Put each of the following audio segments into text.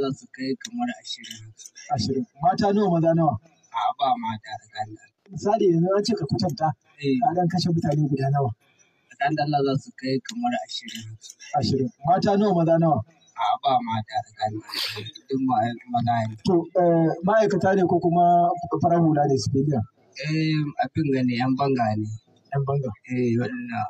za su kai kamar ashirin. Ashirin. Mata nawa maza nawa? A ba mata tsakanin. Misali yanzu an ce ka kwatanta. Eh. Kagan kashe mutane guda nawa. Tsakanin Allah za su kai kamar ashirin. Ashirin. Mata nawa maza nawa? A ba mata tsakanin. Duk maza ne. To eh, ma'aikata ne ko kuma farar hula ne su Eh abin gani yan banga ne. Yan banga. Eh waɗannan.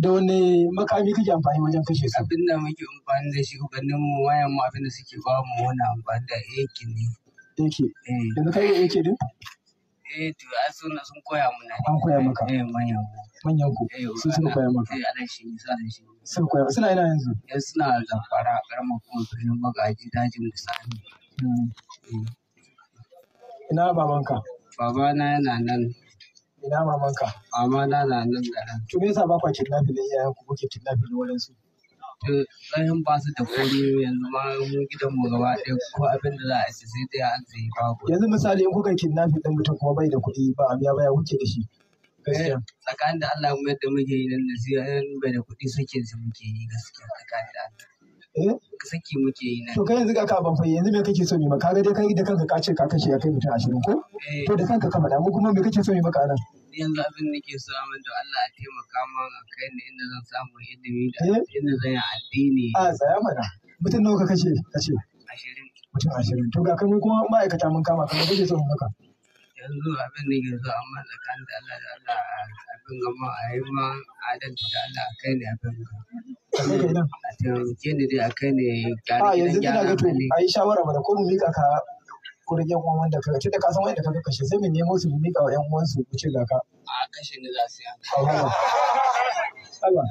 da wani makami kake amfani wajen kashe su abin da muke amfani da shi ganin mu wayan mu abin da suke ba mu wani amfani da AK ne AK eh. yanzu kai AK din eh to a sun sun koya mana an koya maka eh manyan manyan ku eh, sun suka koya maka eh ana shi sa da shi sun koya suna ina yanzu eh suna da fara karamar kuma filin magaji dajin da sani hmm. eh. ina babanka babana yana nan Ina maman ka? na na nan garin. To me yasa ba kwa kidnapping din iyayen ku kuke kidnapping wurin su? To ɗayan ba su da kome yanzu ma mu gidan mu gaba ɗaya ko abin da za a ci sai dai an sayi ku. Yanzu misali in kuka kidnafi ɗan mutum kuma bai da kuɗi ba a biya baya kuke da shi. Eh, tsakanin da Allah mu yadda muke yi nan da siya bai da kuɗi suke su muke yi gaskiya tsakanin da Allah. Eh? saki muke yi nan. To kai yanzu ga ka ban yanzu me kake so mai maka ga dai kai da kanka ka ce ka kashe ya kai mutum ashirin ko? Eh. To da kanka ka faɗa mu kuma me kake so mai maka nan? Yanzu abin da so min da Allah a taimaka min a kai ni inda zan samu ilimi da eh? inda zan yi addini. A tsaya mana mutum nawa ka kashe ka ce? Ashirin. Mutum ashirin to ga kai kuma ma'aikata mun kama kamar kake so maka. yanzu abin da ke zuwa, amma tsakanin da Allah da Allah abin gama a yi ma adalci da Allah a kai ne abin gama. A taimake ni dai a kai ne gyara gyara. A yanzu ina ga a yi shawara mana ko mu miƙa ka wurin yan uwan wanda ka da ka san wanda ka kashe sai mu nemo su mu miƙa wa yan uwan su ku ce ga ka. A kashe ni za su yi. Allah.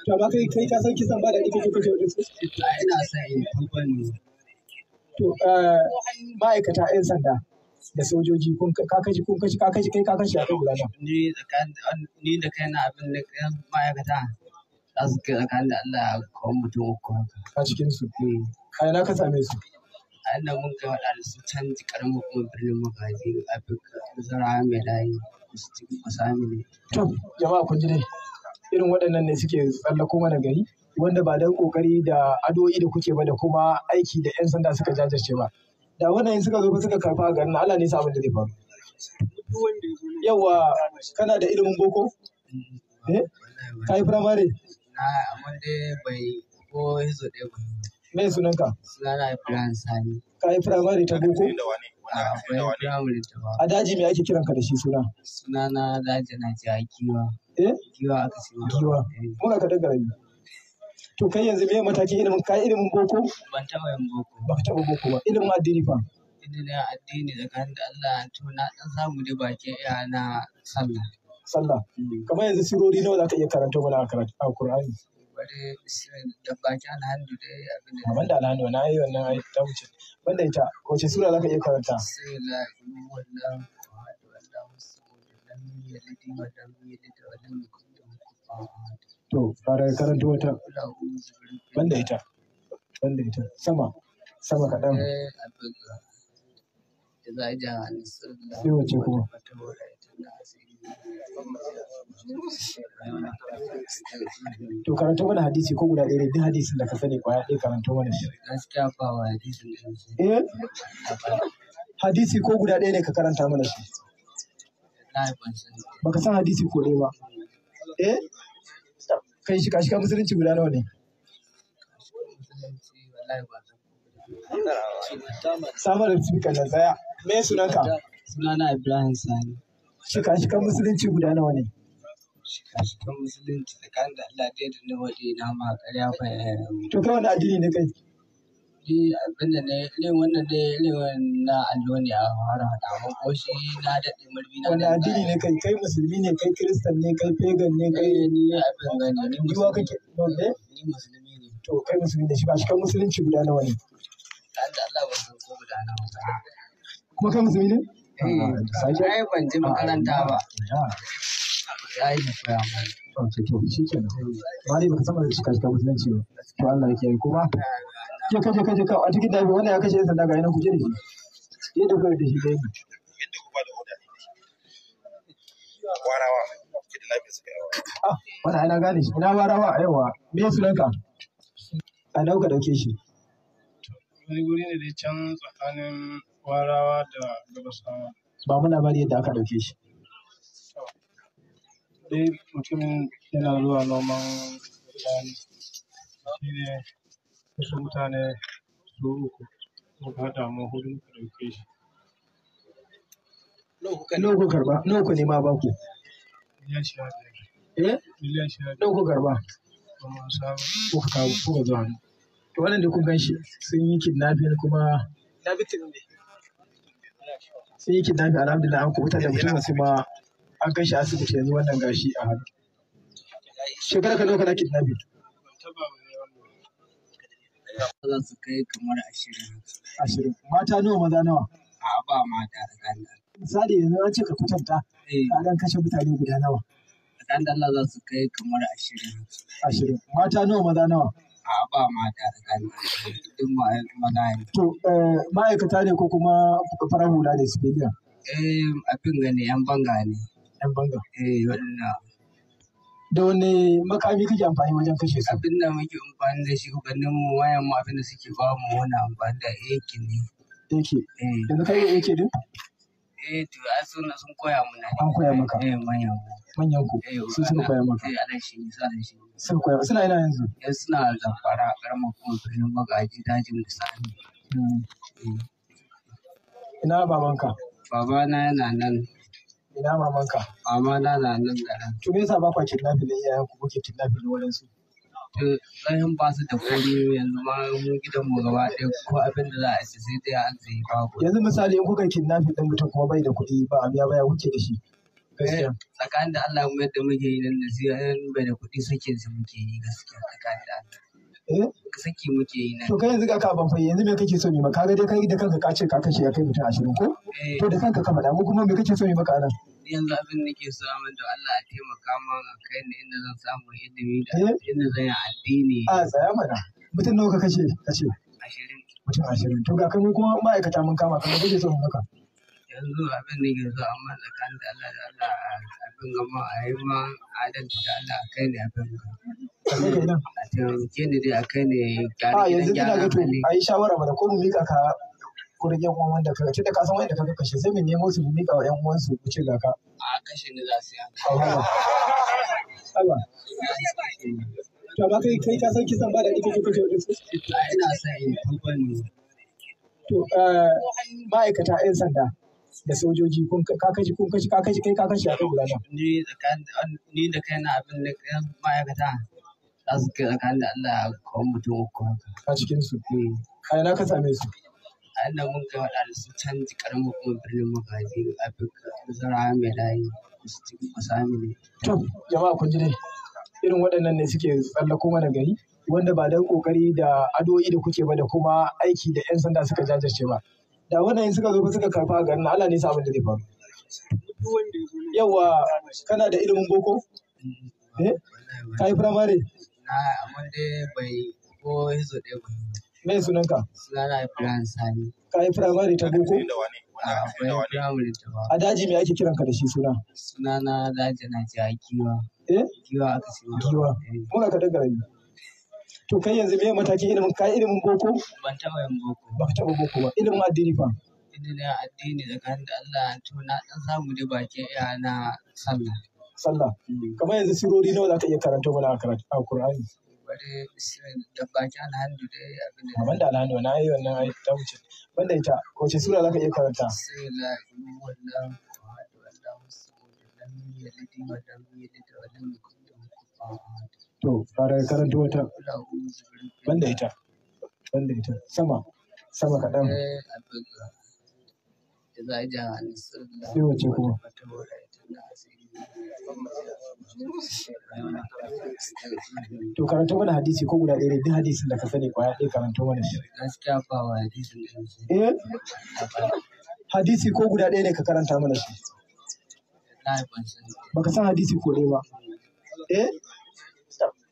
To amma kai kai ka san kisan ba da ita kake kashe wajen su. Ina sa yin kamfani. To eh, ma'aikata 'yan sanda. da sojoji kun kaji kun kashi kaji kai kakashi a kan guda ni ni da kai na abin da ma'aikata za su kai tsakanin da Allah kawai mutum uku haka a cikin su hmm. a yana ka same su a ina mun ga waɗanda su can karamin kuma birnin magaji afirka zara mai layi su cikin kusami ne to jama'a kun ji dai irin waɗannan ne suke tsallako mana gari wanda ba dan kokari da adoyi da kuke ba da kuma aiki da 'yan sanda suka jajirce ba da wannan suka zo suka karfa a garin Allah ne sa abin da zai faru yawa kana da ilimin boko eh, eh? kai primary na amma dai bai ko hizo dai ba me sunan sunanka sunana Ibrahim Sani kai primary ta boko a daji me ake kiran ka da shi suna sunana daji na ji kiwa eh kiwa aka ce kiwa eh. muka ka daga dangara to kai yanzu me mataki ilimin kai ilimin boko ban taba yin boko ba ka taba boko ba ilimin addini fa ilimin addini da kan da Allah to na dan samu da bakin iya na sallah sallah kamar yanzu sirori nawa za ka iya karanta mana a karatu a Qur'ani bare da baki alhandu da abin da da alhandu na yi wannan ai ta wuce da ita ce sura ka iya karanta sai la wannan wallahu sallallahu alaihi wa sallam to fara karanta wata banda ita banda ita sama sama kaɗan sai wace kuma to karanto mana hadisi ko guda ɗaya duk hadisin da ka sani kwaya ɗaya karanto mana shi eh hadisi ko guda ɗaya ne ka karanta mana shi baka san hadisi ko ɗaya ba eh kai shi kashi musulunci guda nawa ne samar da speaker da tsaya me ka? Suna na ibrahim sani Shi kashi shikan musulunci guda nawa ne Shi kashi shikan musulunci tsakanin da Allah da na wadi na ma ƙarya ba eh. to kawai na addini ne kai Eh, abin da irin wannan dai irin na allo ne fara ko shi na daɗe marbi na. Wani addini ne kai? Kai musulmi ne, kai kiristan ne, kai pagan ne, kai. Eh, ni abin Ni wa kake? Ni musulmi ne. To kai musulmi ne shi ba shi kan musulunci guda nawa ne? Da Allah san ko guda nawa ba. Kuma kai musulmi ne? Eh, ai ban je makaranta ba. Ah, ya yi da koya mana. to shi kenan. Ba san ba da shi kan musulunci ba. To Allah ya kuma. Eh, je ka je ka je ka a cikin dabi wannan ya kashe yan sanda ga yana kuje da shi yadda kuka da shi ga yadda yadda ku ba da oda ne warawa kida ah, na bi suka yawa ah wannan ana gane shi ina warawa yawa me sunanka a dauka dauke shi wani guri ne dai can tsakanin warawa da gabasawa ba mu bari yadda aka dauke shi dai mutum yana zuwa noman rani shine wasu mutane su uku muka haɗa mu hudu ɗauke shi. To wannan da kun gan shi sun yi kidnapping kuma. Na an kubuta da mutum kuma an kai shi asibiti yanzu wannan gashi a hannu. Shekara ka nawa kidnapping? Za su kai kamar ashirin. Ashirin. Mata nawa maza nawa? A ba mata da Misali yanzu an ce ka kwatanta. Eh. Kagan kashe mutane guda nawa. Dan Allah za su kai kamar ashirin. Ashirin. Mata nawa maza nawa? A ba mata da Duk maza ne. To eh, ma'aikata ne ko kuma farar hula da civilian? Eh abin gani yan banga ne. Yan banga. Eh da wani makami kake amfani wajen kashe su abin da muke amfani da shi ganin mu wayan mu abin da suke ba mu wani amfani da AK ne AK eh. yanzu kai AK din eh to ai sun sun koya na. an koya maka eh manyan manyan ku eh, sun suka koya maka eh ana shi sa da shi sun koya suna ina yanzu eh suna zamfara a karamar kuma birnin magaji dajin da sani hmm. eh. ina babanka babana yana nan Ina maman ka? Mama na na nan nan. To me yasa ba kwa kidnapping da iyayen ku kuke kidnapping din wadansu? To ɗayan ba su da kome yanzu ma mu gidan mu gaba ɗaya ko abin da za a ci sai dai an ba ku. Yanzu misali in kuka kidnapping ɗin mutum kuma bai da kuɗi ba a biya baya kuke da shi. Eh, tsakanin da Allah mu yadda muke yi nan da siyan bai da kuɗi suke su muke yi gaskiya tsakanin da Allah. Eh? saki muke yi nan. To kai yanzu kaka ban fayyace yanzu me kake so mai maka ga dai kai da kanka ka ce ka kashe ya kai mutum ashirin ko? Eh. To da kanka ka faɗa mu kuma me kake so mai maka nan? Yanzu abin da ke so min da Allah a taimaka min a kai ni inda zan samu ilimi da eh? inda zan yi addini. A tsaya mana mutum nawa ka kashe ka ce? Ashirin. Mutum ashirin to ga kai mu kuma ma'aikata mun kama ka me kake so mai maka? Yanzu abin da ke so amma tsakanin da Allah da Allah abin ma a yi ma da Allah a kai ne abin A taimake ni dai a kai ne gyara yanzu ina a yi shawara mana ko mu miƙa ka gurin yan uwan da ka tun da ka san wanda ka kashe sai mu nemo su mu miƙa wa yan uwan su ku ga ka. A kashe ni za su yi. Allah. amma kai kai ka san kisan ba da ita kake kashe wadansu. Ina sa yin kamfani. To eh, ma'aikata 'yan sanda. da sojoji kun kaji kun kashi kaji kai kakashi a kai guda ta. Ni da kai na abin da ma'aikata za su kai tsakanin da Allah kawai mutum uku haka. A cikin su. Mm. A ina ka same su. A ina mun kai waɗanda su can ƙaramin hukumar birnin magaji Afirka Zara mai layi ne To jama'a kun ji dai irin waɗannan ne suke tsallako mana gari wanda ba dan ƙoƙari da adoyi da kuke ba da kuma aiki da 'yan sanda suka jajirce ba. da waɗanda suka zo suka karfa a garin Allah ne sa abin da zai faru yawa kana da ilimin boko eh, eh? kai primary na amma dai bai ko hizo dai ba me sunan ka sunana Ibrahim Sani kai ah, primary ta boko a daji me ake kiranka da shi suna sunana daji na ji kiwa eh kiwa aka ce kiwa eh. muka ka daga dangara to kai yanzu me mataki ilimin ka ilimin boko ban taba yin boko ba ka taba boko ba ilimin addini fa ilimin addini kan da Allah to na dan samu da bakin iya na sallah sallah mm. kamar yanzu sirori nawa zaka iya karanta mana a karatu a Qur'ani bare da bakin alhamdu da abin da banda alhamdu na yi wannan ai ta wuce banda ita ko ce sura zaka iya karanta sura wannan wannan musu da nan wa dan ya lidi wa to fara karanta wata banda ita banda ita sama sama kaɗan sai wace kuma to karanta mana hadisi ko guda ɗaya duk hadisin da ka sani kwaya ɗaya karanta mana shi gaskiya ba wa eh hadisi ko guda ɗaya ne ka karanta mana shi baka san hadisi ko ɗaya ba eh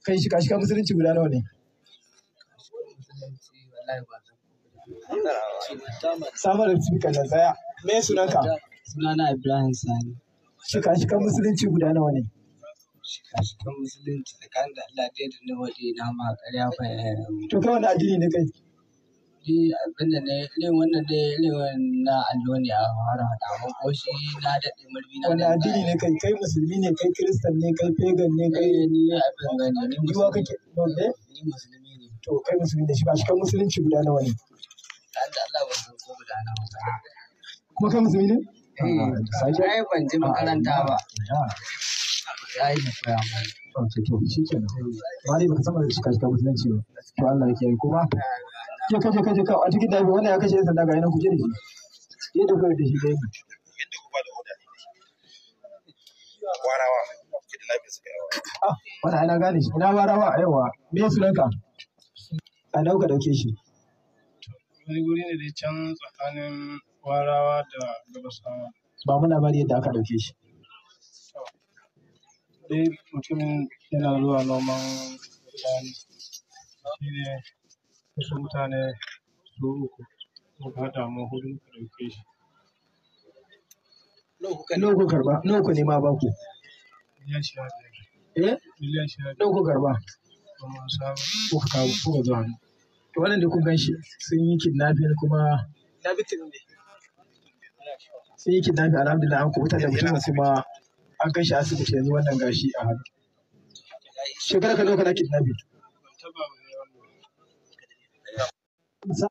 kai shi kashi musulunci guda nawa ne samar da speaker da tsaya me sunanka sunana ibrahim sani shika shika musulunci guda nawa ne shika shika musulunci tsakanin da Allah da na waje na ma ƙarya fa eh, to kai na addini ne kai Eh, abin da irin wannan irin na allo ne a fara haɗa mun ko shi na daɗe marbi na. Wani addini ne kai, kai musulmi ne, kai kiristan ne, kai pagan ne, kai. Eh, ni abin ni eh? Ni musulmi ne. To, kai musulmi ne, shi ba shi kan musulunci guda nawa ne? Da Allah ba san ko guda nawa ba. Kuma kai musulmi ne? Eh, ai ban makaranta ba. Ah, ya ne koya mai. to, shi kenan. Mari ba ka saba shi kan musulunci ba. To, Allah kuma. Eh, ya kashe kashe kawo a cikin dabi wannan ya kashe sanda ga yana kuje da shi yadda kawai da shi da yi yadda ku warawa kidnapping suka yawa ah wannan ana gane shi ina warawa a yawa me sunanka a nauka dauke shi wani guri ne dai can tsakanin warawa da gabasawa ba muna bari yadda aka dauke shi dai mutumin yana zuwa noman rani shine wasu mutane su uku muka haɗa mu hudu muka ɗauke shi. Nawa ku karba? Nawa ku nema ba ku? Miliyan shi biyar. Eh? Miliyan shi biyar. Nawa ku karba? Kuma sabo. ka kawo kuka zuwa To wannan da kun gan shi sun yi kidnapping kuma. Kidnapping ne. Sun yi kidnapping alhamdulillah an kubuta da mutum kuma an kai shi asibiti yanzu wannan gashi a hannu. Shekara ka nawa kana kidnapping? 啥？